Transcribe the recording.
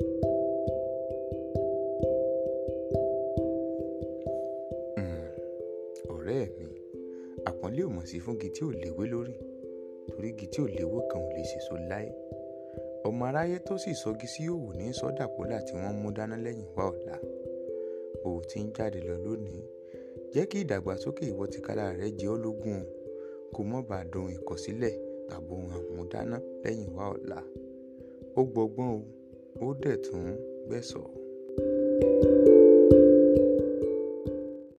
Hm, ọ̀rẹ́ mi àpọ́nlé ò mọ̀ sí fún igi tí ò léwé lórí torí igi tí ò léwé kan ò lè sèso láé ọmọ aráyé tó sì sọgi sí òwò ní sọdàpọlà tí wọ́n mú dáná lẹ́yìn wá ọ̀la bó o ti ń jáde lọ lónìí jẹ́ kí ìdàgbàsókè ìwọ tìkára rẹ jẹ́ ọ́ lógún o kó mọ́ bàa dohun ìkọ̀sílẹ̀ tàbí ohun àmúdáná lẹ́yìn wá ọ̀la ó gbọ́gbọ́n o ó dẹ̀ tún gbẹ̀sọ̀.